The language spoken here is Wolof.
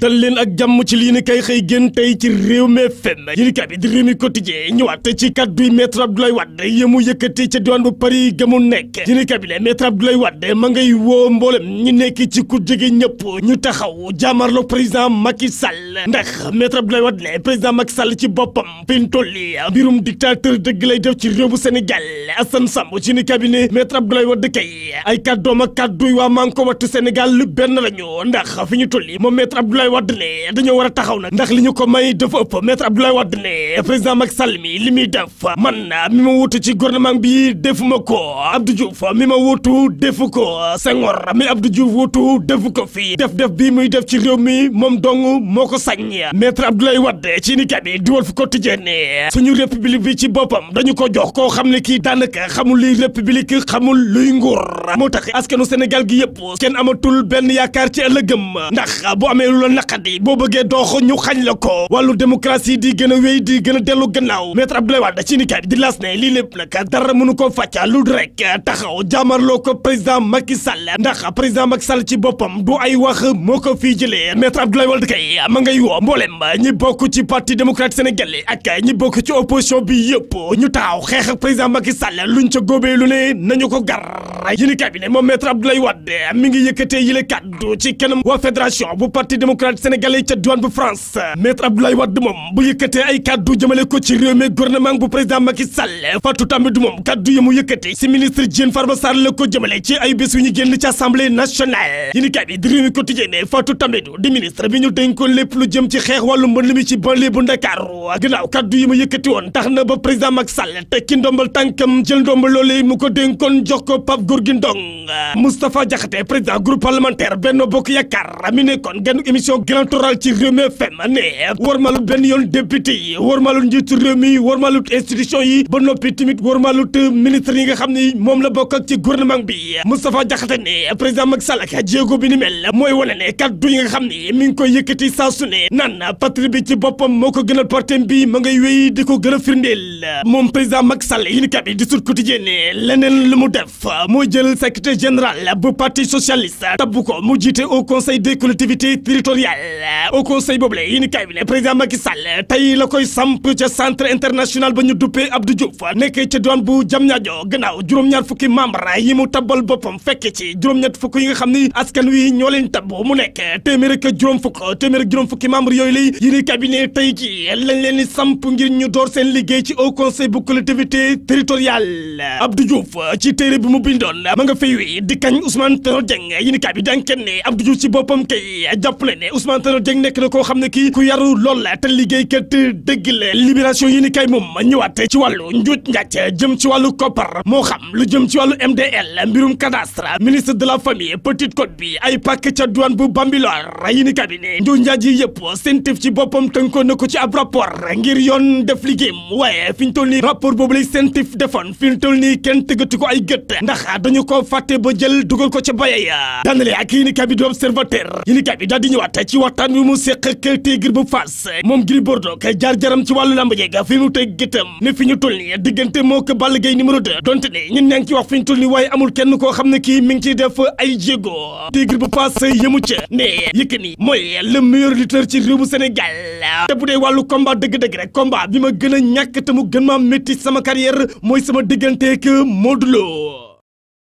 dal leen ak jàmm ci lii ni kay xëy génn tey ci réew mi FM yéen kat bi di réew mi quotidien ñëwaat ci kadduy maître Abdoulaye Wade yemu yëkkati ca diwaan bu Paris gamu nekk yéen kat bi ne maître Abdoulaye Wade ma ngay woo mboolem ñi nekk ci ku jóge ñëpp ñu taxaw jaamarloo président Macky Sall ndax maître Abdoulaye Wade ne président Macky Sall mbirum dictateur dëgg lay def ci réew bu Sénégal Assane Samb ci ni cabinet maître Abdoulaye Wade kay ay kaddoom ak kadduy waa Manko Wattu Sénégal lu benn la ñu ndax fi ñu tolli moom maître Abdoulaye Wade ne dañoo war a taxaw nag ndax li ñu ko may dafa ëpp maître Abdoulaye Wade ne président Macky Sall mi li muy def man mi ma wutu ci gouvernement bi defuma ko Abdou Diouf mi ma wutu defu ko Senghor mi Abdou Diouf wutu defu ko fii def-def bi muy def ci réew mi moom dong moo ko sañ maître Abdoulaye Wade ci ni kat yi diwal fu quotidien ne suñu république bi ci boppam dañu ko jox koo xam ne kii daanaka xamul luy république xamul luy nguur moo tax askanu Sénégal gi yëpp kenn amatul benn yaakaar ci ëllëgëm ndax bu amee lu naqadi boo bëggee doox ñu xañ la ko wàllu démocratie di gën a wéy di gën a dellu gannaaw maître Abdoulaye Wade ci nikaay bi di las lii lépp nag dara mënu ko fàcca lu rek taxaw jaamarloo ko président Macky Sall ndax président Macky Sall ci boppam du ay wax moo ko fii jëlee maître Abdoulaye Wade kay ma ngay woo mboolem ñi bokk ci parti démocratique sénégalais ak ñi bokk ci opposition bi yëpp ñu taxaw xeex ak président Macky Sall luñ ca góobee lu i cabinet moom maître Abdoulaye Wade mi ngi yëkkatee yile kàddu ci kanam waa diplomate sénégalais ca douane bu France maître Abdoulaye Wade moom bu yëkkatee ay kàddu jëmale ko ci réew mi gouvernement bu président Macky Sall Fatou Tambadou moom kàddu yi mu yëkkati si ministre Diène Farba la ko jëmale ci ay bés yu ñu génn ci assemblée nationale yi ni kat di réew mi quotidien ne Fatou Tambadou di ministre bi ñu dénkoon lépp lu jëm ci xeex wàllu mbënd mi ci banlieue bu Ndakaaru gannaaw kàddu yi mu yëkkati woon tax na ba président Macky Sall tekki ndombal tànkam jël mu ko dénkoon jox ko Pape Gorgui Ndong Moustapha Diakhaté président groupe parlementaire mi nekkoon ganu émission glantoral ci réew mi fem ne warmalut benn yoon député yi warmalut njiitu réew mi warmalut institution yi ba noppi war warmalut ministre yi nga xam ne moom la bokk ak ci gouvernement bi Moustapha Diakhaté ne président Macky Sall ak jéego bi ni mel mooy wane ne kaddu yi nga xam ne mi ngi koy yëkkati saa su ne naan patrie bi ci boppam moo ko gënal partem bi ma ngay wéy di ko gën a firndeel moom président Macky Sall yi ni kat yi di Sud Quotidien leneen lu mu def mooy jël secrétaire général bu parti socialiste tabbu ko mu jiite au conseil des collectivités territoriales Sénégal au conseil boobule yéen i kaay bi ne président Macky tey la koy samp ca centre international ba ñu duppee Abdou Diouf nekkee ca diwaan bu Diamniadio gannaaw juróom-ñaar fukki membre yi mu tabbal boppam fekk ci juróom-ñett fukk yi nga xam ni askan wi ñoo leen tabb mu nekk téeméer ak juróom fukk téeméer ak juróom fukki membre yooyu lay yéen i cabinet tey ji lañ leen di samp ngir ñu door seen liggéey ci au conseil bu collectivité territoriale Abdou Diouf ci téere bi mu bindoon ma nga fay wi di kañ Ousmane Tanor i kaay bi daan kenn ci boppam kay jàppale ne Ousmane Tanor Dieng nekk na koo xam ne kii ku yaru lool la te liggéeykat dëgg la libération yi ni kay moom ñëwaat ci wàllu njuuj njaaj jëm ci wàllu koppar moo xam lu jëm ci wàllu MDL mbirum cadastre ministre de la famille Petite Côte bi ay pàkk ca douane bu Bambilor yi ni cabinet njuuj njaaj yi yëpp sentif ci boppam tënkoon na ko ci ab rapport ngir yoon def liggéeyam waaye fi ñu toll nii rapport boobu lay sentif defoon fi ñu toll nii kenn tëggatu ko ay gët ndax dañu ko fàtte ba jël dugal ko ca bayaya daanale ak yi ni kabi ci waxtaan bi mu seq ak Tigre bu Fass moom Gris Bordeaux kay jaar-jaram ci wàllu lamb jeega fi mu teg gëtam ne fi ñu toll ni diggante moo ko Balla Gaye numéro 2 donte ne ñun ñaa ngi wax fi ñu toll ni waaye amul kenn koo xam ne kii mi ngi ciy def ay jéego Tigre bu Fass yëmu ca ne Yékini mooy le meilleur lutteur ci réew bu Sénégal te bu dee wàllu combat dëgg-dëgg rek combat bi ma gën a ñàkk te mu gën maa métti sama carrière mooy sama diggante moo Modou Lo